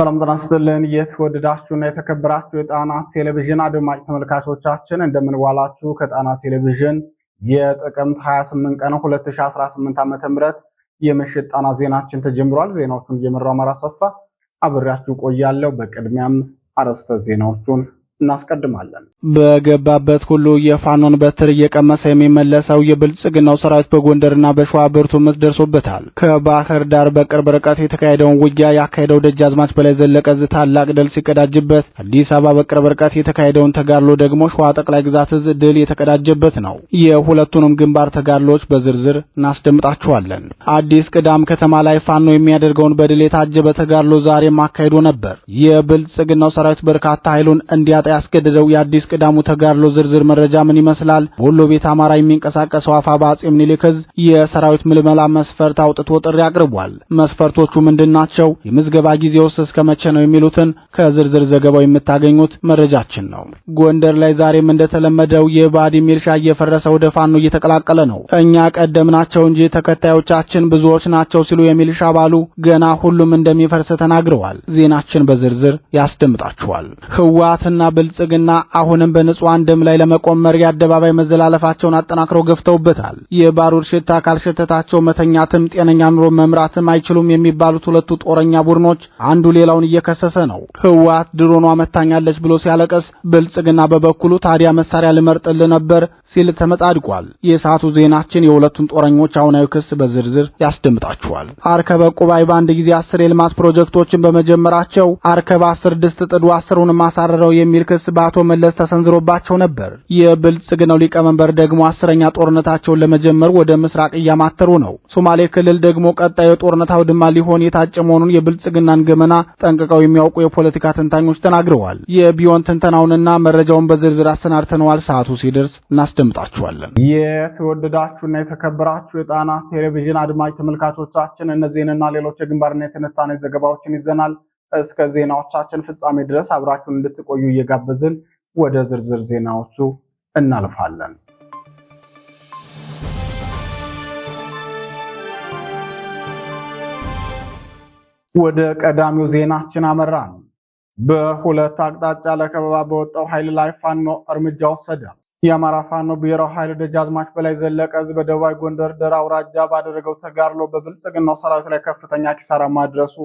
ሰላም ጤና ይስጥልን። የተወደዳችሁና የተከበራችሁ የጣና ቴሌቪዥን አድማጭ ተመልካቾቻችን እንደምንዋላችሁ። ከጣና ቴሌቪዥን የጥቅምት 28 ቀን 2018 ዓ.ም የምሽት ጣና ዜናችን ተጀምሯል። ዜናዎቹን እየመራው አማራ ሰፋ አብሬያችሁ ቆያለሁ። በቅድሚያም አርዕስተ ዜናዎቹን እናስቀድማለን። በገባበት ሁሉ የፋኖን በትር እየቀመሰ የሚመለሰው የብልጽግናው ሰራዊት በጎንደርና በሸዋ ብርቱ ምት ደርሶበታል። ከባህር ዳር በቅርብ ርቀት የተካሄደውን ውጊያ ያካሄደው ደጃዝማች በላይ ዘለቀ እዝ ታላቅ ድል ሲቀዳጅበት፣ አዲስ አበባ በቅርብ ርቀት የተካሄደውን ተጋድሎ ደግሞ ሸዋ ጠቅላይ ግዛት እዝ ድል የተቀዳጀበት ነው። የሁለቱንም ግንባር ተጋድሎች በዝርዝር እናስደምጣችኋለን። አዲስ ቅዳም ከተማ ላይ ፋኖ የሚያደርገውን በድል የታጀበ ተጋድሎ ዛሬ ማካሄዱ ነበር። የብልጽግናው ሰራዊት በርካታ ኃይሉን እንዲያጠ ያስገደደው የአዲስ ቅዳሙ ተጋድሎ ዝርዝር መረጃ ምን ይመስላል? በወሎ ቤት አማራ የሚንቀሳቀሰው አፋባ አጼ ምኒልክ ዕዝ የሰራዊት ምልመላ መስፈርት አውጥቶ ጥሪ አቅርቧል። መስፈርቶቹ ምንድን ናቸው? የምዝገባ ጊዜውስ እስከ መቼ ነው? የሚሉትን ከዝርዝር ዘገባው የምታገኙት መረጃችን ነው። ጎንደር ላይ ዛሬም እንደተለመደው የባዲ ሚልሻ እየፈረሰ ወደ ፋኖ እየተቀላቀለ ነው። እኛ ቀደም ናቸው እንጂ ተከታዮቻችን ብዙዎች ናቸው ሲሉ የሚልሻ ባሉ ገና ሁሉም እንደሚፈርስ ተናግረዋል። ዜናችን በዝርዝር ያስደምጣችኋል። ህወሓትና ብልጽግና አሁንም በንጹሐን ደም ላይ ለመቆመር አደባባይ መዘላለፋቸውን አጠናክረው ገፍተውበታል። የባሩድ ሽታ ካልሸተታቸው መተኛትም ጤነኛ ኑሮ መምራትም አይችሉም የሚባሉት ሁለቱ ጦረኛ ቡድኖች አንዱ ሌላውን እየከሰሰ ነው። ህወሓት ድሮኗ መታኛለች ብሎ ሲያለቀስ፣ ብልጽግና በበኩሉ ታዲያ መሳሪያ ልመርጥል ነበር ሲል ተመጻድቋል። የሰዓቱ ዜናችን የሁለቱን ጦረኞች አሁናዊ ክስ በዝርዝር ያስደምጣችኋል። አርከበ ቁባይ በአንድ ጊዜ አስር የልማት ፕሮጀክቶችን በመጀመራቸው አርከበ አስር ድስት ጥዱ አስሩን ማሳረረው የሚል ክስ በአቶ መለስ ተሰንዝሮባቸው ነበር። የብልጽግናው ሊቀመንበር ደግሞ አስረኛ ጦርነታቸውን ለመጀመር ወደ ምስራቅ እያማተሩ ነው። ሶማሌ ክልል ደግሞ ቀጣዩ የጦርነት አውድማ ሊሆን የታጨ መሆኑን የብልጽግናን ገመና ጠንቅቀው የሚያውቁ የፖለቲካ ትንታኞች ተናግረዋል። የቢዮን ትንተናውንና መረጃውን በዝርዝር አሰናድተነዋል። ሰዓቱ ሲደርስ እናስ እናስደምጣችኋለን። የተወደዳችሁና የተከበራችሁ የጣና ቴሌቪዥን አድማጭ ተመልካቾቻችን እነዚህንና ሌሎች የግንባርና የትንታኔ ዘገባዎችን ይዘናል። እስከ ዜናዎቻችን ፍጻሜ ድረስ አብራችሁን እንድትቆዩ እየጋበዝን ወደ ዝርዝር ዜናዎቹ እናልፋለን። ወደ ቀዳሚው ዜናችን አመራን። በሁለት አቅጣጫ ለከበባ በወጣው ኃይል ላይ ፋኖ እርምጃ ወሰደ። የአማራ ፋኖ ብሔራዊ ኃይል ደጃዝማች በላይ ዘለቀ እዝ በደቡባዊ ጎንደር ደራ አውራጃ ባደረገው ተጋድሎ በብልጽግናው ሰራዊት ላይ ከፍተኛ ኪሳራ ማድረሱ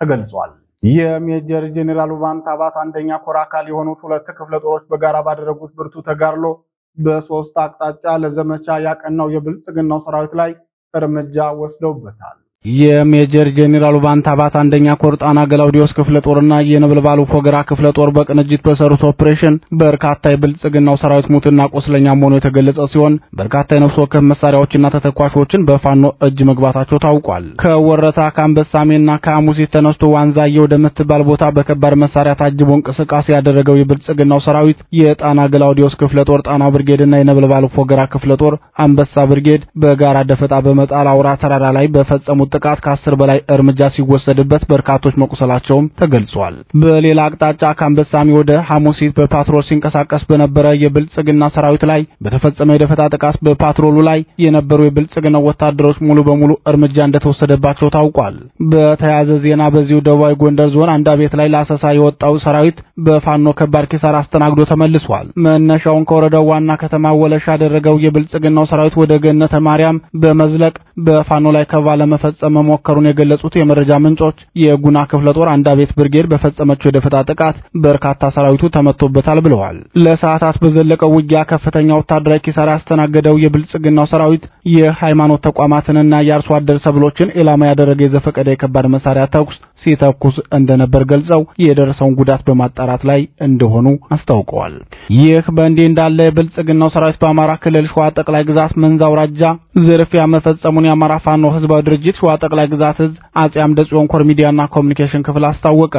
ተገልጿል። የሜጀር ጄኔራል ባንት አባት አንደኛ ኮር አካል የሆኑት ሁለት ክፍለ ጦሮች በጋራ ባደረጉት ብርቱ ተጋድሎ በሶስት አቅጣጫ ለዘመቻ ያቀናው የብልጽግናው ሰራዊት ላይ እርምጃ ወስደውበታል። የሜጀር ጄኔራሉ ባንታ ባት አንደኛ ኮር ጣና ገላውዲዮስ ክፍለ ጦርና የነበልባሉ ፎገራ ክፍለ ጦር በቅንጅት በሰሩት ኦፕሬሽን በርካታ የብልጽግናው ሰራዊት ሙትና ቆስለኛ መሆኑ የተገለጸ ሲሆን በርካታ የነፍስ ወከፍ መሳሪያዎችና ተተኳሾችን በፋኖ እጅ መግባታቸው ታውቋል። ከወረታ ከአንበሳሜና ከአሙሲት ተነስቶ ዋንዛዬ ወደምትባል ቦታ በከባድ መሳሪያ ታጅቦ እንቅስቃሴ ያደረገው የብልጽግናው ሰራዊት የጣና ገላውዲዮስ ክፍለ ጦር ጣና ብርጌድና የነበልባሉ ፎገራ ክፍለ ጦር አንበሳ ብርጌድ በጋራ ደፈጣ በመጣል አውራ ተራራ ላይ በፈጸሙት ጥቃት ከአስር በላይ እርምጃ ሲወሰድበት በርካቶች መቁሰላቸውም ተገልጿል። በሌላ አቅጣጫ ከአንበሳሚ ወደ ሐሙሲት በፓትሮል ሲንቀሳቀስ በነበረ የብልጽግና ሰራዊት ላይ በተፈጸመ የደፈጣ ጥቃት በፓትሮሉ ላይ የነበሩ የብልጽግና ወታደሮች ሙሉ በሙሉ እርምጃ እንደተወሰደባቸው ታውቋል። በተያያዘ ዜና በዚሁ ደቡባዊ ጎንደር ዞን አንድ ቤት ላይ ለአሰሳ የወጣው ሰራዊት በፋኖ ከባድ ኪሳራ አስተናግዶ ተመልሷል። መነሻውን ከወረዳው ዋና ከተማ ወለሻ ያደረገው የብልጽግናው ሰራዊት ወደ ገነተ ማርያም በመዝለቅ በፋኖ ላይ ከባ ለመፈጸም ለመፈጸም መሞከሩን የገለጹት የመረጃ ምንጮች የጉና ክፍለ ጦር ቤት ብርጌድ በፈጸመችው የደፈጣ ጥቃት በርካታ ሰራዊቱ ተመቶበታል ብለዋል። ለሰዓታት በዘለቀው ውጊያ ከፍተኛ ወታደራዊ ኪሳራ ያስተናገደው የብልጽግናው ሰራዊት የሃይማኖት ተቋማትንና የአርሶ አደር ሰብሎችን ኢላማ ያደረገ የዘፈቀደ የከባድ መሳሪያ ተኩስ ሲተኩስ እንደነበር ገልጸው የደረሰውን ጉዳት በማጣራት ላይ እንደሆኑ አስታውቀዋል። ይህ በእንዲህ እንዳለ የብልጽግናው ሰራዊት በአማራ ክልል ሸዋ ጠቅላይ ግዛት መንዝ አውራጃ ዝርፊያ መፈጸሙን የአማራ ፋኖ ህዝባዊ ድርጅት ሸዋ ጠቅላይ ግዛት ህዝ አጼ አምደ ጽዮን ኮር ሚዲያና ኮሚኒኬሽን ክፍል አስታወቀ።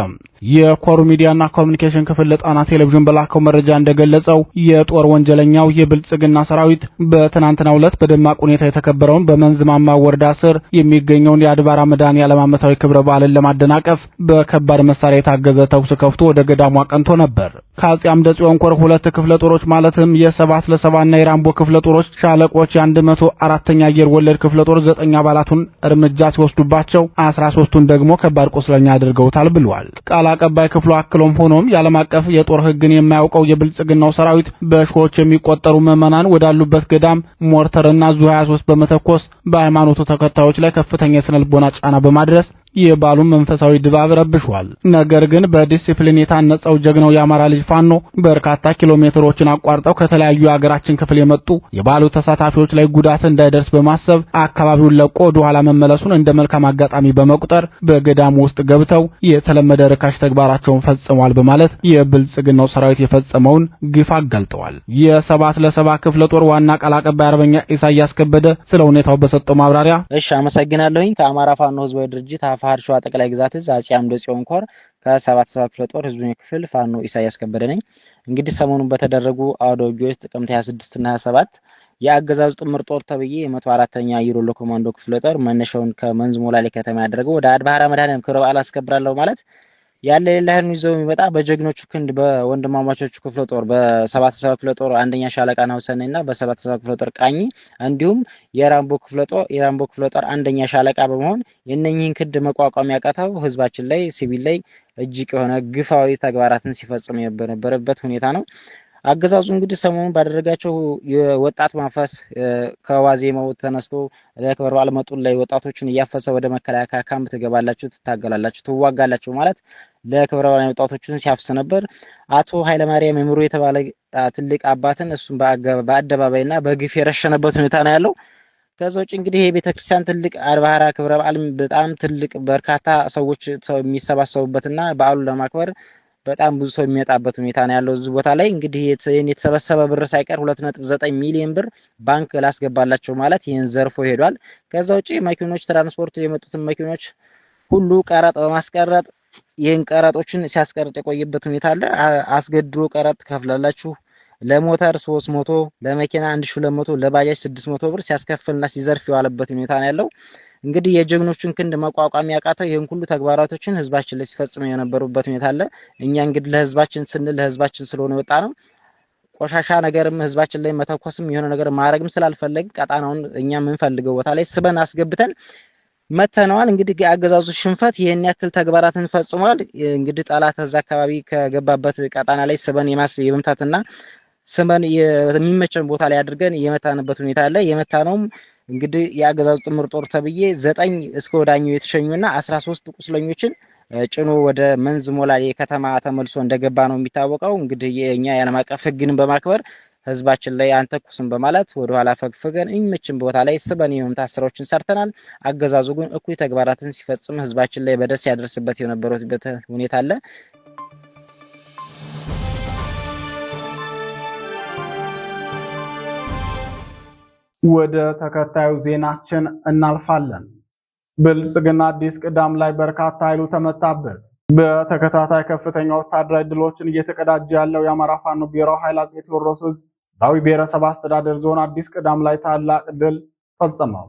የኮር ሚዲያና ኮሚኒኬሽን ክፍል ለጣና ቴሌቪዥን በላከው መረጃ እንደገለጸው የጦር ወንጀለኛው የብልጽግና ሰራዊት በትናንትናው ዕለት በደማቅ ሁኔታ የተከበረውን በመንዝማማ ወረዳ ስር የሚገኘውን የአድባራ መድኃኔ ዓለም ዓመታዊ ክብረ በዓልን ለማደና ለማደናቀፍ በከባድ መሳሪያ የታገዘ ተኩስ ከፍቶ ወደ ገዳሙ አቀንቶ ነበር። ከአጼ አምደ ጽዮን ኮር ሁለት ክፍለ ጦሮች ማለትም የሰባት ለሰባና የራምቦ ክፍለ ጦሮች ሻለቆች የአንድ መቶ አራተኛ አየር ወለድ ክፍለ ጦር ዘጠኝ አባላቱን እርምጃ ሲወስዱባቸው አስራ ሶስቱን ደግሞ ከባድ ቁስለኛ አድርገውታል ብሏል። ቃል አቀባይ ክፍሉ አክሎም ሆኖም የዓለም አቀፍ የጦር ህግን የማያውቀው የብልጽግናው ሰራዊት በሺዎች የሚቆጠሩ ምዕመናን ወዳሉበት ገዳም ሞርተርና ዙ 23 በመተኮስ በሃይማኖቱ ተከታዮች ላይ ከፍተኛ የስነልቦና ጫና በማድረስ የባሉን መንፈሳዊ ድባብ ረብሿል። ነገር ግን በዲሲፕሊን የታነጸው ጀግናው የአማራ ልጅ ፋኖ በርካታ ኪሎ ሜትሮችን አቋርጠው ከተለያዩ የሀገራችን ክፍል የመጡ የባሉ ተሳታፊዎች ላይ ጉዳት እንዳይደርስ በማሰብ አካባቢውን ለቆ ወደኋላ መመለሱን እንደ መልካም አጋጣሚ በመቁጠር በገዳሙ ውስጥ ገብተው የተለመደ ርካሽ ተግባራቸውን ፈጽመዋል በማለት የብልጽግናው ሰራዊት የፈጸመውን ግፍ አጋልጠዋል። የሰባት ለሰባ ክፍለ ጦር ዋና ቃል አቀባይ አርበኛ ኢሳያስ ከበደ ስለ ሁኔታው በሰጠው ማብራሪያ እሺ፣ አመሰግናለሁኝ ከአማራ ፋኖ ህዝባዊ ድርጅት የአፋር ሸዋ ጠቅላይ ግዛት እዝ አጼ አምደ ጽዮን ኮር ከሰባት ሰባት ክፍለ ጦር ህዝቡ ክፍል ፋኖ ኢሳያስ ከበደ ነኝ። እንግዲህ ሰሞኑን በተደረጉ አውደ ውጊያዎች ጥቅምት 26 እና 27 የአገዛዙ ጥምር ጦር ተብዬ የመቶ አራተኛ ዩሮሎ ኮማንዶ ክፍለ ጦር መነሻውን ከመንዝ ሞላሌ ከተማ ያደረገው ወደ አድባራ መድኃኔዓለም ክብረ በዓል አስከብራለሁ ማለት ያለ ሌላህን ይዘው የሚመጣ በጀግኖቹ ክንድ በወንድማማቾቹ ክፍለ ጦር በሰባት ሰባ ክፍለ ጦር አንደኛ ሻለቃ ናሁሰኔ እና በሰባት ሰባ ክፍለ ጦር ቃኝ እንዲሁም የራምቦ ክፍለ ጦር የራምቦ ክፍለ ጦር አንደኛ ሻለቃ በመሆን የእነኝህን ክንድ መቋቋም ያቃተው ህዝባችን ላይ ሲቪል ላይ እጅግ የሆነ ግፋዊ ተግባራትን ሲፈጽም የነበረበት ሁኔታ ነው። አገዛዙ እንግዲህ ሰሞኑን ባደረጋቸው የወጣት ማፈስ ከዋዜማው ተነስቶ ለክብረ በዓል መጡን ላይ ወጣቶችን እያፈሰ ወደ መከላከያ ካምፕ ትገባላችሁ፣ ትታገላላችሁ፣ ትዋጋላችሁ ማለት ለክብረ በዓል ወጣቶችን ሲያፍስ ነበር። አቶ ኃይለማርያም የምሩ የተባለ ትልቅ አባትን እሱም በአደባባይና በግፍ የረሸነበት ሁኔታ ነው ያለው። ከዛ ውጭ እንግዲህ የቤተክርስቲያን ትልቅ አርባሃራ ክብረ በዓል በጣም ትልቅ በርካታ ሰዎች የሚሰባሰቡበትና በዓሉን ለማክበር በጣም ብዙ ሰው የሚመጣበት ሁኔታ ነው ያለው። እዚህ ቦታ ላይ እንግዲህ የተሰበሰበ ብር ሳይቀር 2.9 ሚሊዮን ብር ባንክ ላስገባላቸው ማለት ይህን ዘርፎ ሄዷል። ከዛ ውጪ መኪኖች፣ ትራንስፖርት የመጡትን መኪኖች ሁሉ ቀረጥ በማስቀረጥ ይህን ቀረጦችን ሲያስቀርጥ የቆየበት ሁኔታ አለ። አስገድዶ ቀረጥ ትከፍላላችሁ ለሞተር 300 ለመኪና 1200 ለባጃጅ 600 ብር ሲያስከፍልና ሲዘርፍ የዋለበት ሁኔታ ነው ያለው። እንግዲህ የጀግኖቹን ክንድ መቋቋም ያቃተው ይህን ሁሉ ተግባራቶችን ህዝባችን ላይ ሲፈጽሙ የነበሩበት ሁኔታ አለ። እኛ እንግዲህ ለህዝባችን ስንል ለህዝባችን ስለሆነ ወጣ ነው ቆሻሻ ነገርም ህዝባችን ላይ መተኮስም የሆነ ነገር ማድረግም ስላልፈለግ ቀጣናውን እኛ የምንፈልገው ቦታ ላይ ስበን አስገብተን መተነዋል። እንግዲህ የአገዛዙ ሽንፈት ይህን ያክል ተግባራትን ፈጽሟል። እንግዲህ ጠላት እዛ አካባቢ ከገባበት ቀጣና ላይ ስበን የማስ የመምታትና ስበን የሚመቸን ቦታ ላይ አድርገን የመታንበት ሁኔታ አለ። የመታነውም እንግዲህ የአገዛዙ ጥምር ጦር ተብዬ ዘጠኝ እስከ ወዳኙ የተሸኙና አስራ ሶስት ቁስለኞችን ጭኖ ወደ መንዝ ሞላሌ ከተማ ተመልሶ እንደገባ ነው የሚታወቀው። እንግዲህ የእኛ የዓለም አቀፍ ህግን በማክበር ህዝባችን ላይ አንተኩስም በማለት ወደኋላ ፈግፍገን እኝምችን ቦታ ላይ ስበን የመምታት ስራዎችን ሰርተናል። አገዛዙ ግን እኩይ ተግባራትን ሲፈጽም ህዝባችን ላይ በደስ ያደርስበት የነበረበት ሁኔታ አለ። ወደ ተከታዩ ዜናችን እናልፋለን። ብልጽግና አዲስ ቅዳም ላይ በርካታ ኃይሉ ተመታበት። በተከታታይ ከፍተኛ ወታደራዊ ድሎችን እየተቀዳጀ ያለው የአማራ ፋኖ ብሔራዊ ኃይል አፄ ቴዎድሮስ ዕዝ ዳዊ ብሔረሰብ አስተዳደር ዞን አዲስ ቅዳም ላይ ታላቅ ድል ፈጸመው።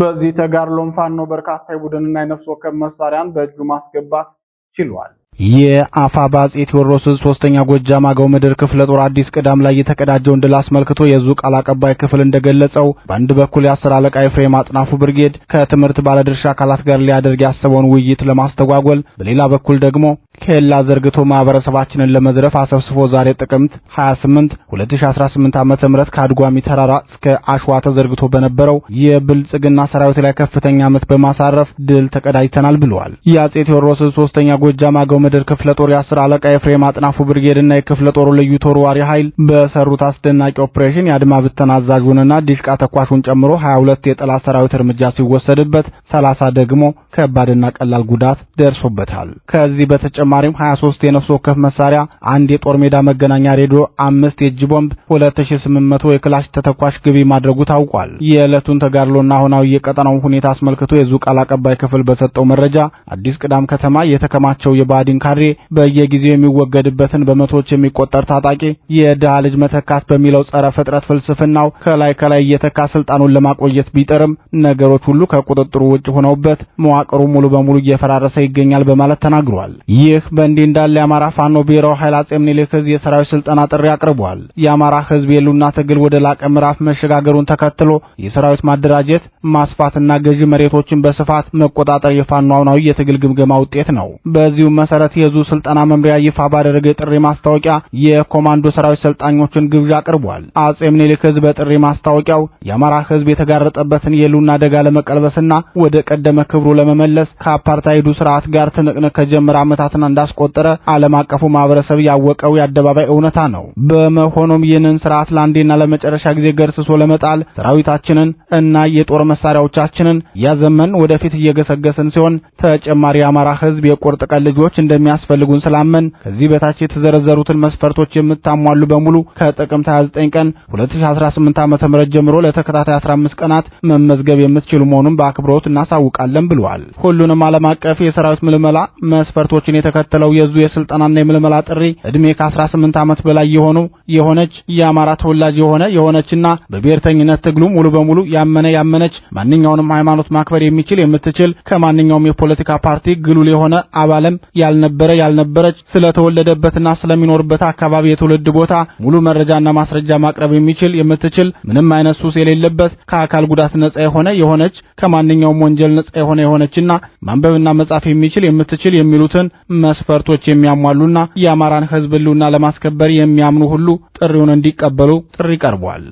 በዚህ ተጋድሎም ፋኖ በርካታ የቡድንና የነፍስ ወከፍ መሳሪያን በእጁ ማስገባት ችሏል። የአፋባ አፄ ቴዎድሮስ ሶስተኛ ጎጃም አገው ምድር ክፍለ ጦር አዲስ ቅዳም ላይ የተቀዳጀውን ድል አስመልክቶ የዙ ቃል አቀባይ ክፍል እንደገለጸው በአንድ በኩል የአስር አለቃ ኤፍሬም አጥናፉ ብርጌድ ከትምህርት ባለድርሻ አካላት ጋር ሊያደርግ ያሰበውን ውይይት ለማስተጓጎል፣ በሌላ በኩል ደግሞ ኬላ ዘርግቶ ማህበረሰባችንን ለመዝረፍ አሰብስፎ ዛሬ ጥቅምት 28 2018 ዓ.ም ከአድጓሚ ተራራ እስከ አሸዋ ተዘርግቶ በነበረው የብልጽግና ሰራዊት ላይ ከፍተኛ ምት በማሳረፍ ድል ተቀዳጅተናል ብለዋል። የአፄ ቴዎድሮስ ሶስተኛ ጎጃም አገው ምድር ክፍለ ጦር የአስር አለቃ የፍሬም አጥናፉ ብርጌድና የክፍለ ጦሩ ልዩ ተወርዋሪ ኃይል በሰሩት አስደናቂ ኦፕሬሽን የአድማ ብተና አዛዡንና ዲሽቃ ተኳሹን ጨምሮ 22 የጠላት ሰራዊት እርምጃ ሲወሰድበት 30 ደግሞ ከባድና ቀላል ጉዳት ደርሶበታል። ከዚህ በተጨማሪም 23 የነፍስ ወከፍ መሳሪያ፣ አንድ የጦር ሜዳ መገናኛ ሬዲዮ፣ አምስት የእጅ ቦምብ፣ 2800 የክላሽ ተተኳሽ ግቢ ማድረጉ ታውቋል። የዕለቱን ተጋድሎና አሁናዊ የቀጠናውን ሁኔታ አስመልክቶ የዙ ቃል አቀባይ ክፍል በሰጠው መረጃ አዲስ ቅዳም ከተማ የተከማቸው የባዲ አላዲን ካድሬ በየጊዜው የሚወገድበትን በመቶዎች የሚቆጠር ታጣቂ የድሃ ልጅ መተካት በሚለው ጸረ ፍጥረት ፍልስፍናው ከላይ ከላይ እየተካ ስልጣኑን ለማቆየት ቢጥርም ነገሮች ሁሉ ከቁጥጥሩ ውጭ ሆነውበት መዋቅሩ ሙሉ በሙሉ እየፈራረሰ ይገኛል በማለት ተናግሯል። ይህ በእንዲህ እንዳለ የአማራ ፋኖ ብሔራዊ ኃይል አጼ ምኒልክ ዕዝ የሰራዊት ስልጠና ጥሪ አቅርቧል። የአማራ ህዝብ የሉና ትግል ወደ ላቀ ምዕራፍ መሸጋገሩን ተከትሎ የሰራዊት ማደራጀት ማስፋትና ገዢ መሬቶችን በስፋት መቆጣጠር የፋኖ አሁናዊ የትግል ግምገማ ውጤት ነው። በዚሁም መሰረት መሰረት የዙ ስልጠና መምሪያ ይፋ ባደረገ የጥሪ ማስታወቂያ የኮማንዶ ሰራዊት ሰልጣኞችን ግብዣ አቅርቧል። አጼ ምኒልክ ህዝብ በጥሪ ማስታወቂያው የአማራ ህዝብ የተጋረጠበትን የሉና አደጋ ለመቀልበስና ወደ ቀደመ ክብሩ ለመመለስ ከአፓርታይዱ ስርዓት ጋር ትንቅንቅ ከጀመረ ዓመታትን እንዳስቆጠረ ዓለም አቀፉ ማህበረሰብ ያወቀው የአደባባይ እውነታ ነው። በመሆኑም ይህንን ስርዓት ለአንዴና ለመጨረሻ ጊዜ ገርስሶ ለመጣል ሰራዊታችንን እና የጦር መሳሪያዎቻችንን ያዘመን ወደፊት እየገሰገስን ሲሆን ተጨማሪ የአማራ ህዝብ የቁርጥ ቀን ልጆች እንደሚያስፈልጉን ስላመን ከዚህ በታች የተዘረዘሩትን መስፈርቶች የምታሟሉ በሙሉ ከጥቅምት 29 ቀን 2018 ዓ.ም ጀምሮ ለተከታታይ 15 ቀናት መመዝገብ የምትችሉ መሆኑን በአክብሮት እናሳውቃለን ብለዋል። ሁሉንም ዓለም አቀፍ የሰራዊት ምልመላ መስፈርቶችን የተከተለው የዙ የስልጠናና የምልመላ ጥሪ እድሜ ከ18 ዓመት በላይ የሆኑ የሆነች የአማራ ተወላጅ የሆነ የሆነችና በብሔርተኝነት ትግሉ ሙሉ በሙሉ ያመነ ያመነች ማንኛውንም ሃይማኖት ማክበር የሚችል የምትችል ከማንኛውም የፖለቲካ ፓርቲ ግሉል የሆነ አባልም ያል ያልነበረ ያልነበረች ስለተወለደበትና ስለሚኖርበት አካባቢ የትውልድ ቦታ ሙሉ መረጃና ማስረጃ ማቅረብ የሚችል የምትችል ምንም አይነት ሱስ የሌለበት ከአካል ጉዳት ነጻ የሆነ የሆነች ከማንኛውም ወንጀል ነጻ የሆነ የሆነችና ማንበብና መጻፍ የሚችል የምትችል የሚሉትን መስፈርቶች የሚያሟሉና የአማራን ሕዝብ ሕልውና ለማስከበር የሚያምኑ ሁሉ ጥሪውን እንዲቀበሉ ጥሪ ቀርቧል።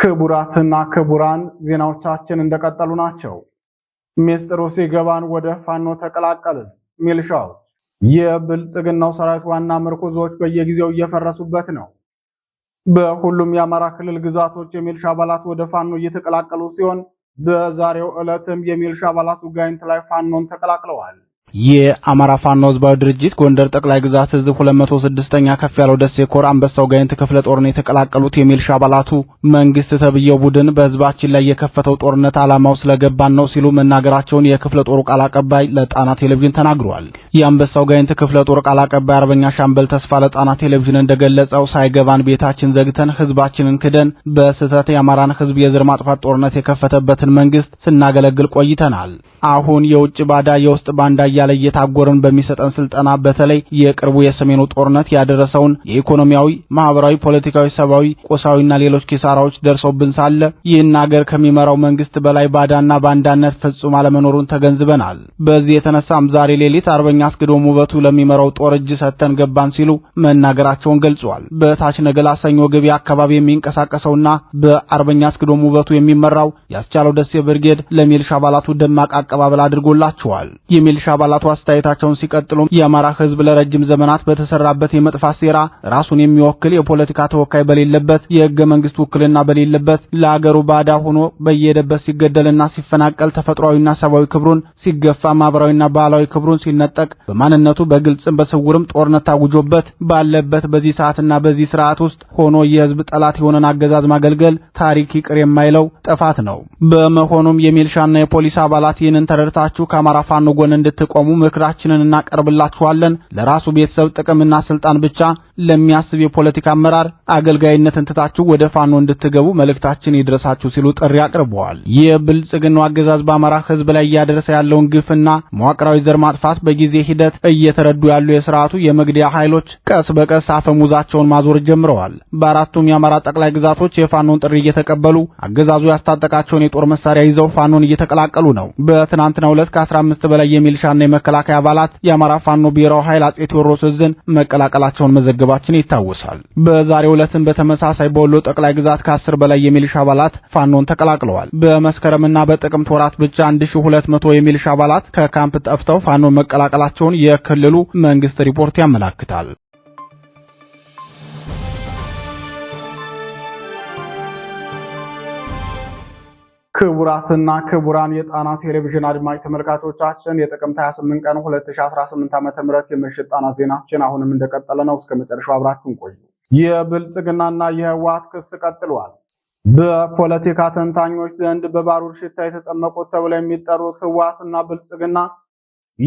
ክቡራትና ክቡራን ዜናዎቻችን እንደቀጠሉ ናቸው። ሚስጥሩ ሲገባን ወደ ፋኖ ተቀላቀልን። ሚልሻዎች የብልጽግናው ሰራዊት ዋና ምርኩዞች በየጊዜው እየፈረሱበት ነው። በሁሉም የአማራ ክልል ግዛቶች የሚልሻ አባላት ወደ ፋኖ እየተቀላቀሉ ሲሆን በዛሬው ዕለትም የሚልሻ አባላት ጋይንት ላይ ፋኖን ተቀላቅለዋል። የአማራ ፋኖ ህዝባዊ ድርጅት ጎንደር ጠቅላይ ግዛት ህዝብ 206ኛ ከፍ ያለው ደሴ ኮር አንበሳው ጋይንት ክፍለ ጦርን የተቀላቀሉት የሚልሻ አባላቱ መንግስት ተብየው ቡድን በህዝባችን ላይ የከፈተው ጦርነት ዓላማው ስለገባን ነው ሲሉ መናገራቸውን የክፍለ ጦሩ ቃል አቀባይ ለጣና ቴሌቪዥን ተናግሯል። የአንበሳው ጋይንት ክፍለ ጦር ቃል አቀባይ አርበኛ ሻምበል ተስፋ ለጣና ቴሌቪዥን እንደገለጸው ሳይገባን ቤታችን ዘግተን ህዝባችንን ክደን በስህተት የአማራን ህዝብ የዘር ማጥፋት ጦርነት የከፈተበትን መንግስት ስናገለግል ቆይተናል። አሁን የውጭ ባዳ የውስጥ ባንዳ እያለ እየታጎረን በሚሰጠን ስልጠና በተለይ የቅርቡ የሰሜኑ ጦርነት ያደረሰውን የኢኮኖሚያዊ፣ ማህበራዊ፣ ፖለቲካዊ፣ ሰብአዊ፣ ቁሳዊና ሌሎች ኪሳራዎች ደርሶብን ሳለ ይህን አገር ከሚመራው መንግስት በላይ ባዳና ባንዳነት ፍጹም አለመኖሩን ተገንዝበናል። በዚህ የተነሳም ዛሬ ሌሊት አርበኛ አስገዶም ውበቱ ለሚመራው ጦር እጅ ሰጥተን ገባን ሲሉ መናገራቸውን ገልጿል። በታች ነገላ ሰኞ ገበያ አካባቢ የሚንቀሳቀሰውና በአርበኛ አስገዶም ውበቱ የሚመራው ያስቻለው ደሴ ብርጌድ ለሚልሻ አባላቱ ደማቅ አቀባበል አድርጎላቸዋል። የሚልሻ አባላቱ አስተያየታቸውን ሲቀጥሉ የአማራ ህዝብ ለረጅም ዘመናት በተሰራበት የመጥፋት ሴራ ራሱን የሚወክል የፖለቲካ ተወካይ በሌለበት የህገ መንግስት ውክልና በሌለበት ለአገሩ ባዳ ሆኖ በየሄደበት ሲገደልና ሲፈናቀል ተፈጥሯዊና ሰብአዊ ክብሩን ሲገፋ ማህበራዊና ባህላዊ ክብሩን ሲነጠቅ በማንነቱ በግልጽም በስውርም ጦርነት ታውጆበት ባለበት በዚህ ሰዓትና በዚህ ስርዓት ውስጥ ሆኖ የህዝብ ጠላት የሆነን አገዛዝ ማገልገል ታሪክ ይቅር የማይለው ጥፋት ነው። በመሆኑም የሚልሻና የፖሊስ አባላት ይህን ጥሪያችንን ተረድታችሁ ከአማራ ፋኖ ጎን እንድትቆሙ ምክራችንን እናቀርብላችኋለን። ለራሱ ቤተሰብ ጥቅምና ስልጣን ብቻ ለሚያስብ የፖለቲካ አመራር አገልጋይነት እንትታችሁ ወደ ፋኖ እንድትገቡ መልእክታችን ይድረሳችሁ ሲሉ ጥሪ አቅርበዋል። የብልጽግናው አገዛዝ በአማራ ሕዝብ ላይ እያደረሰ ያለውን ግፍና መዋቅራዊ ዘር ማጥፋት በጊዜ ሂደት እየተረዱ ያሉ የስርዓቱ የመግደያ ኃይሎች ቀስ በቀስ አፈሙዛቸውን ማዞር ጀምረዋል። በአራቱም የአማራ ጠቅላይ ግዛቶች የፋኖን ጥሪ እየተቀበሉ አገዛዙ ያስታጠቃቸውን የጦር መሳሪያ ይዘው ፋኖን እየተቀላቀሉ ነው። ትናንትና ሁለት ከ15 በላይ የሚልሻና የመከላከያ አባላት የአማራ ፋኖ ብሔራዊ ኃይል አጼ ቴዎድሮስ እዝን መቀላቀላቸውን መዘገባችን ይታወሳል። በዛሬ ዕለትም በተመሳሳይ በወሎ ጠቅላይ ግዛት ከአስር በላይ የሚልሻ አባላት ፋኖን ተቀላቅለዋል። በመስከረምና በጥቅምት ወራት ብቻ 1200 የሚልሻ አባላት ከካምፕ ጠፍተው ፋኖን መቀላቀላቸውን የክልሉ መንግስት ሪፖርት ያመላክታል። ክቡራትና ክቡራን የጣና ቴሌቪዥን አድማጭ ተመልካቾቻችን የጥቅምት 28 ቀን 2018 ዓ ም የምሽት ጣና ዜናችን አሁንም እንደቀጠለ ነው። እስከ መጨረሻው አብራችን ቆዩ። የብልጽግናና የህወሓት ክስ ቀጥሏል። በፖለቲካ ተንታኞች ዘንድ በባሩድ ሽታ የተጠመቁት ተብለው የሚጠሩት ህወሓትና ብልጽግና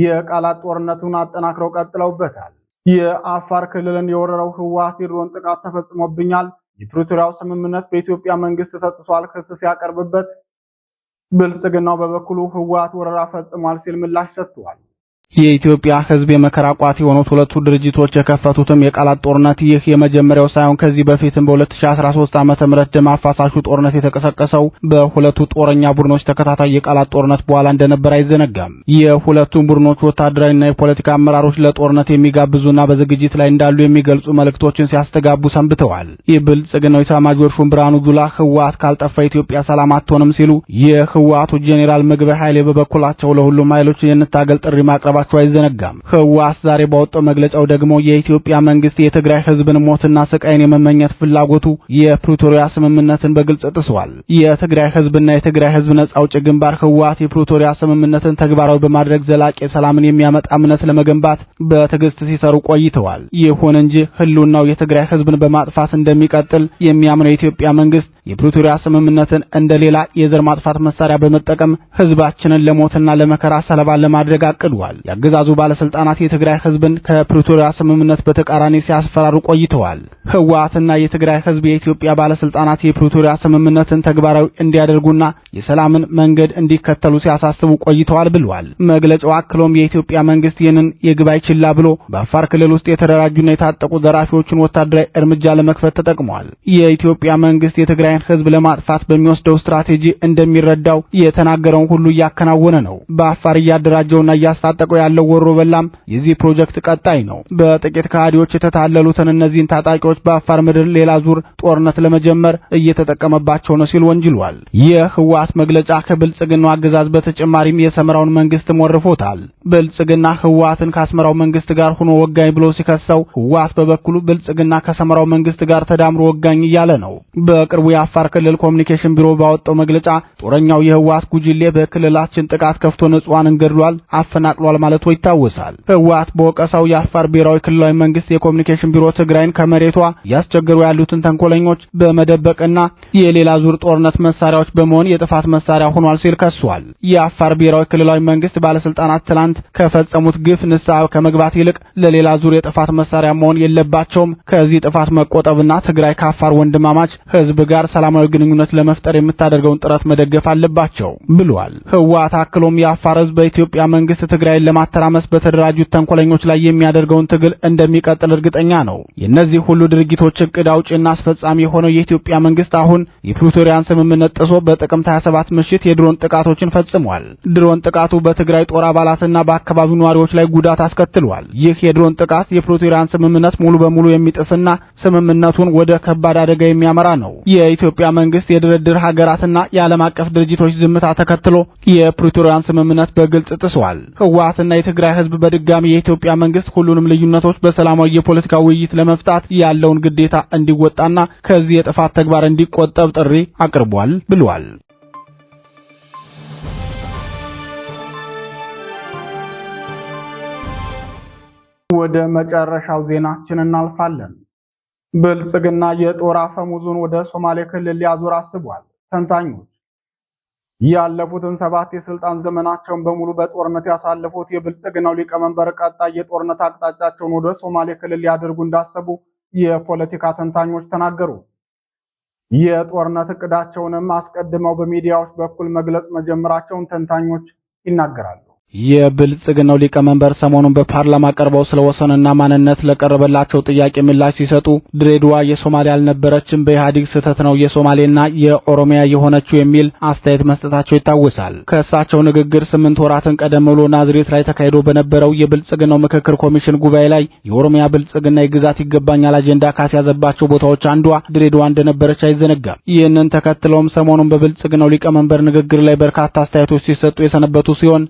የቃላት ጦርነቱን አጠናክረው ቀጥለውበታል። የአፋር ክልልን የወረረው ህወሓት የድሮን ጥቃት ተፈጽሞብኛል፣ የፕሪቶሪያው ስምምነት በኢትዮጵያ መንግስት ተጥሷል ክስ ሲያቀርብበት ብልጽግናው በበኩሉ ህወሓት ወረራ ፈጽሟል ሲል ምላሽ ሰጥቷል። የኢትዮጵያ ሕዝብ የመከራ ቋት የሆኑት ሁለቱ ድርጅቶች የከፈቱትም የቃላት ጦርነት ይህ የመጀመሪያው ሳይሆን ከዚህ በፊትም በ2013 ዓመተ ምህረት ደም አፋሳሹ ጦርነት የተቀሰቀሰው በሁለቱ ጦረኛ ቡድኖች ተከታታይ የቃላት ጦርነት በኋላ እንደነበር አይዘነጋም። የሁለቱም ቡድኖች ወታደራዊና የፖለቲካ አመራሮች ለጦርነት የሚጋብዙና በዝግጅት ላይ እንዳሉ የሚገልጹ መልእክቶችን ሲያስተጋቡ ሰንብተዋል። የብልጽግናው ኢታማዦር ሹም ብርሃኑ ጁላ ህወሓት ካልጠፋ ኢትዮጵያ ሰላም አትሆንም ሲሉ፣ የህወሓቱ ጄኔራል ምግበይ ኃይሌ በበኩላቸው ለሁሉም ኃይሎች የንታገል ጥሪ ማቅረብ መኖራቸው አይዘነጋም። ህወሓት ዛሬ ባወጣው መግለጫው ደግሞ የኢትዮጵያ መንግስት የትግራይ ህዝብን ሞትና ስቃይን የመመኘት ፍላጎቱ የፕሪቶሪያ ስምምነትን በግልጽ ጥሷል። የትግራይ ህዝብና የትግራይ ህዝብ ነጻ አውጪ ግንባር ህወሓት የፕሪቶሪያ ስምምነትን ተግባራዊ በማድረግ ዘላቂ ሰላምን የሚያመጣ እምነት ለመገንባት በትዕግስት ሲሰሩ ቆይተዋል። ይሁን እንጂ ህልውናው የትግራይ ህዝብን በማጥፋት እንደሚቀጥል የሚያምነው የኢትዮጵያ መንግስት የፕሪቶሪያ ስምምነትን እንደ ሌላ የዘር ማጥፋት መሳሪያ በመጠቀም ህዝባችንን ለሞትና ለመከራ ሰለባ ለማድረግ አቅዷል። የአገዛዙ ባለስልጣናት የትግራይ ህዝብን ከፕሪቶሪያ ስምምነት በተቃራኒ ሲያስፈራሩ ቆይተዋል። ህወሓትና የትግራይ ህዝብ የኢትዮጵያ ባለስልጣናት የፕሪቶሪያ ስምምነትን ተግባራዊ እንዲያደርጉና የሰላምን መንገድ እንዲከተሉ ሲያሳስቡ ቆይተዋል ብለዋል። መግለጫው አክሎም የኢትዮጵያ መንግስት ይህንን የግባይ ችላ ብሎ በአፋር ክልል ውስጥ የተደራጁና የታጠቁ ዘራፊዎችን ወታደራዊ እርምጃ ለመክፈት ተጠቅሟል። የኢትዮጵያ መንግስት የትግራይ የትግራይን ህዝብ ለማጥፋት በሚወስደው ስትራቴጂ እንደሚረዳው የተናገረውን ሁሉ እያከናወነ ነው። በአፋር እያደራጀውና እያስታጠቀው ያለው ወሮ በላም የዚህ ፕሮጀክት ቀጣይ ነው። በጥቂት ከሃዲዎች የተታለሉትን እነዚህን ታጣቂዎች በአፋር ምድር ሌላ ዙር ጦርነት ለመጀመር እየተጠቀመባቸው ነው ሲል ወንጅሏል። የህወሓት መግለጫ ከብልጽግናው አገዛዝ በተጨማሪም የሰመራውን መንግስትም ወርፎታል። ብልጽግና ህወሓትን ከአስመራው መንግስት ጋር ሆኖ ወጋኝ ብሎ ሲከሰው፣ ህወሓት በበኩሉ ብልጽግና ከሰመራው መንግስት ጋር ተዳምሮ ወጋኝ እያለ ነው። በቅርቡ የአፋር ክልል ኮሚኒኬሽን ቢሮ ባወጣው መግለጫ ጦረኛው የህወሓት ጉጅሌ በክልላችን ጥቃት ከፍቶ ንጹሃንን ገድሏል፣ አፈናቅሏል ማለቱ ይታወሳል። ህወሓት በወቀሳው የአፋር ብሔራዊ ክልላዊ መንግስት የኮሚኒኬሽን ቢሮ ትግራይን ከመሬቷ እያስቸገሩ ያሉትን ተንኮለኞች በመደበቅና የሌላ ዙር ጦርነት መሳሪያዎች በመሆን የጥፋት መሳሪያ ሆኗል ሲል ከሷል። የአፋር ብሔራዊ ክልላዊ መንግስት ባለስልጣናት ትላንት ከፈጸሙት ግፍ ንስሐ ከመግባት ይልቅ ለሌላ ዙር የጥፋት መሳሪያ መሆን የለባቸውም። ከዚህ ጥፋት መቆጠብና ትግራይ ከአፋር ወንድማማች ህዝብ ጋር ሰላማዊ ግንኙነት ለመፍጠር የምታደርገውን ጥረት መደገፍ አለባቸው ብሏል። ህወሓት አክሎም የአፋር ህዝብ በኢትዮጵያ መንግስት ትግራይን ለማተራመስ በተደራጁት ተንኮለኞች ላይ የሚያደርገውን ትግል እንደሚቀጥል እርግጠኛ ነው። የእነዚህ ሁሉ ድርጊቶች እቅድ አውጪና አስፈጻሚ የሆነው የኢትዮጵያ መንግስት አሁን የፕሪቶሪያን ስምምነት ጥሶ በጥቅምት 27 ምሽት የድሮን ጥቃቶችን ፈጽሟል። ድሮን ጥቃቱ በትግራይ ጦር አባላትና በአካባቢው ነዋሪዎች ላይ ጉዳት አስከትሏል። ይህ የድሮን ጥቃት የፕሪቶሪያን ስምምነት ሙሉ በሙሉ የሚጥስና ስምምነቱን ወደ ከባድ አደጋ የሚያመራ ነው። የኢትዮጵያ መንግስት የድርድር ሀገራትና የዓለም አቀፍ ድርጅቶች ዝምታ ተከትሎ የፕሪቶሪያን ስምምነት በግልጽ ጥሷል። ህወሓትና የትግራይ ህዝብ በድጋሚ የኢትዮጵያ መንግስት ሁሉንም ልዩነቶች በሰላማዊ የፖለቲካ ውይይት ለመፍታት ያለውን ግዴታ እንዲወጣና ከዚህ የጥፋት ተግባር እንዲቆጠብ ጥሪ አቅርቧል ብሏል። ወደ መጨረሻው ዜናችን እናልፋለን። ብልጽግና የጦር አፈሙዙን ወደ ሶማሌ ክልል ሊያዞር አስቧል። ተንታኞች ያለፉትን ሰባት የስልጣን ዘመናቸውን በሙሉ በጦርነት ያሳለፉት የብልጽግናው ሊቀመንበር ቀጣይ የጦርነት አቅጣጫቸውን ወደ ሶማሌ ክልል ሊያደርጉ እንዳሰቡ የፖለቲካ ተንታኞች ተናገሩ። የጦርነት እቅዳቸውንም አስቀድመው በሚዲያዎች በኩል መግለጽ መጀመራቸውን ተንታኞች ይናገራሉ። የብልጽግናው ሊቀመንበር ሰሞኑን በፓርላማ ቀርበው ስለ ወሰንና ማንነት ለቀረበላቸው ጥያቄ ምላሽ ሲሰጡ ድሬድዋ የሶማሌ አልነበረችም፣ በኢህአዴግ ስህተት ነው የሶማሌና የኦሮሚያ የሆነችው የሚል አስተያየት መስጠታቸው ይታወሳል። ከእሳቸው ንግግር ስምንት ወራትን ቀደም ብሎ ናዝሬት ላይ ተካሂዶ በነበረው የብልጽግናው ምክክር ኮሚሽን ጉባኤ ላይ የኦሮሚያ ብልጽግና የግዛት ይገባኛል አጀንዳ ካስያዘባቸው ቦታዎች አንዷ ድሬድዋ እንደነበረች አይዘነጋም። ይህንን ተከትለውም ሰሞኑን በብልጽግናው ሊቀመንበር ንግግር ላይ በርካታ አስተያየቶች ሲሰጡ የሰነበቱ ሲሆን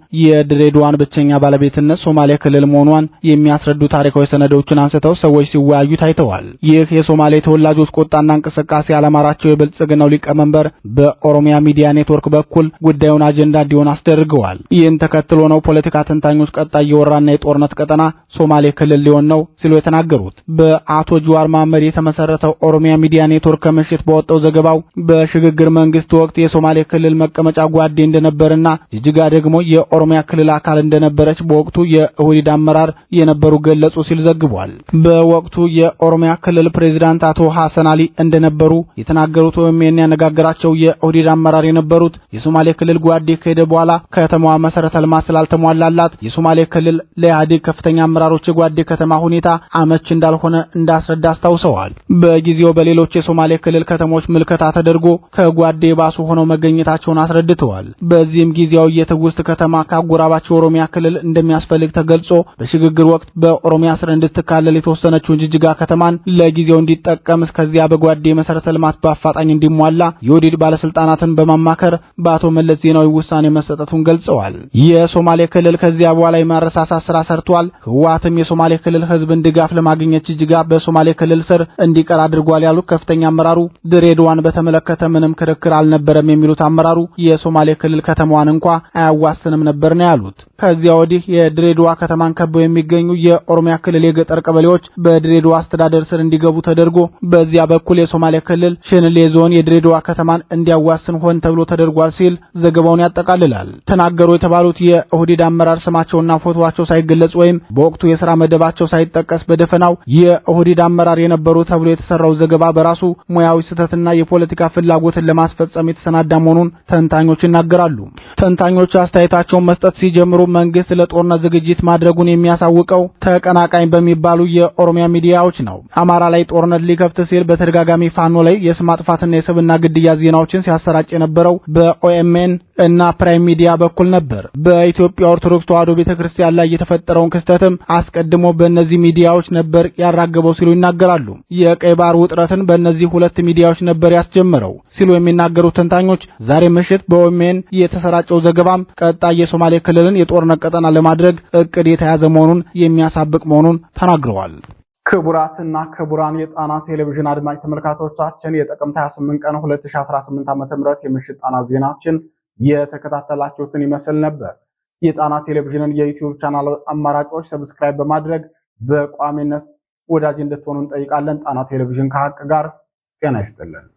የድሬዳዋን ብቸኛ ባለቤትነት ሶማሌ ክልል መሆኗን የሚያስረዱ ታሪካዊ ሰነዶችን አንስተው ሰዎች ሲወያዩ ታይተዋል። ይህ የሶማሌ ተወላጆች ቁጣና እንቅስቃሴ አለማራቸው የብልጽግናው ሊቀመንበር በኦሮሚያ ሚዲያ ኔትወርክ በኩል ጉዳዩን አጀንዳ እንዲሆን አስደርገዋል። ይህን ተከትሎ ነው ፖለቲካ ተንታኞች ቀጣይ የወራና የጦርነት ቀጠና ሶማሌ ክልል ሊሆን ነው ሲሉ የተናገሩት። በአቶ ጅዋር መሐመድ የተመሰረተው ኦሮሚያ ሚዲያ ኔትወርክ ከምሽት በወጣው ዘገባው በሽግግር መንግስት ወቅት የሶማሌ ክልል መቀመጫ ጓዴ እንደነበርና ጅጅጋ ደግሞ የኦሮሚያ ክልል የክልል አካል እንደነበረች በወቅቱ የኦህዴድ አመራር የነበሩ ገለጹ ሲል ዘግቧል። በወቅቱ የኦሮሚያ ክልል ፕሬዚዳንት አቶ ሐሰን አሊ እንደነበሩ የተናገሩት ወይም ያነጋገራቸው የኦህዴድ አመራር የነበሩት የሶማሌ ክልል ጓዴ ከሄደ በኋላ ከተማዋ መሰረተ ልማት ስላልተሟላላት የሶማሌ ክልል ለኢህአዴግ ከፍተኛ አመራሮች የጓዴ ከተማ ሁኔታ አመች እንዳልሆነ እንዳስረዳ አስታውሰዋል። በጊዜው በሌሎች የሶማሌ ክልል ከተሞች ምልከታ ተደርጎ ከጓዴ ባሱ ሆነው መገኘታቸውን አስረድተዋል። በዚህም ጊዜያዊ የትውስት ከተማ ካጎራ አጎራባች የኦሮሚያ ክልል እንደሚያስፈልግ ተገልጾ በሽግግር ወቅት በኦሮሚያ ስር እንድትካለል የተወሰነችውን ጅጅጋ ከተማን ለጊዜው እንዲጠቀም እስከዚያ በጓዴ መሰረተ ልማት በአፋጣኝ እንዲሟላ የኦዲድ ባለስልጣናትን በማማከር በአቶ መለስ ዜናዊ ውሳኔ መሰጠቱን ገልጸዋል። የሶማሌ ክልል ከዚያ በኋላ የማረሳሳት ስራ ሰርቷል። ህወሓትም የሶማሌ ክልል ህዝብን ድጋፍ ለማግኘት ጅጅጋ በሶማሌ ክልል ስር እንዲቀር አድርጓል ያሉት ከፍተኛ አመራሩ ድሬድዋን በተመለከተ ምንም ክርክር አልነበረም የሚሉት አመራሩ የሶማሌ ክልል ከተማዋን እንኳ አያዋስንም ነበር ነው ያሉ። አሉት። ከዚያ ወዲህ የድሬድዋ ከተማን ከበው የሚገኙ የኦሮሚያ ክልል የገጠር ቀበሌዎች በድሬድዋ አስተዳደር ስር እንዲገቡ ተደርጎ በዚያ በኩል የሶማሌ ክልል ሽንሌ ዞን የድሬድዋ ከተማን እንዲያዋስን ሆን ተብሎ ተደርጓል ሲል ዘገባውን ያጠቃልላል። ተናገሩ የተባሉት የኦህዴድ አመራር ስማቸውና ፎቶዋቸው ሳይገለጽ ወይም በወቅቱ የስራ መደባቸው ሳይጠቀስ በደፈናው የኦህዴድ አመራር የነበሩ ተብሎ የተሰራው ዘገባ በራሱ ሙያዊ ስህተትና የፖለቲካ ፍላጎትን ለማስፈጸም የተሰናዳ መሆኑን ተንታኞች ይናገራሉ። ተንታኞች አስተያየታቸውን መስጠት ሲ ሲጀምሩ መንግስት ለጦርነት ዝግጅት ማድረጉን የሚያሳውቀው ተቀናቃኝ በሚባሉ የኦሮሚያ ሚዲያዎች ነው። አማራ ላይ ጦርነት ሊከፍት ሲል በተደጋጋሚ ፋኖ ላይ የስም ማጥፋትና የስብና ግድያ ዜናዎችን ሲያሰራጭ የነበረው በኦኤምኤን እና ፕራይም ሚዲያ በኩል ነበር። በኢትዮጵያ ኦርቶዶክስ ተዋሕዶ ቤተክርስቲያን ላይ የተፈጠረውን ክስተትም አስቀድሞ በእነዚህ ሚዲያዎች ነበር ያራገበው ሲሉ ይናገራሉ። የቀይ ባህር ውጥረትን በእነዚህ ሁለት ሚዲያዎች ነበር ያስጀምረው ሲሉ የሚናገሩት ተንታኞች ዛሬ ምሽት በኦኤምኤን የተሰራጨው ዘገባም ቀጣይ የሶማሌ ክልል ክልልን የጦርነት ቀጠና ለማድረግ እቅድ የተያዘ መሆኑን የሚያሳብቅ መሆኑን ተናግረዋል። ክቡራትና ክቡራን የጣና ቴሌቪዥን አድማጭ ተመልካቾቻችን የጥቅምት 28 ቀን 2018 ዓ.ም የምሽት ጣና ዜናችን የተከታተላችሁትን ይመስል ነበር። የጣና ቴሌቪዥንን የዩቲዩብ ቻናል አማራጮች ሰብስክራይብ በማድረግ በቋሚነት ወዳጅ እንድትሆኑ እንጠይቃለን። ጣና ቴሌቪዥን ከሀቅ ጋር ጤና ይስጥልን።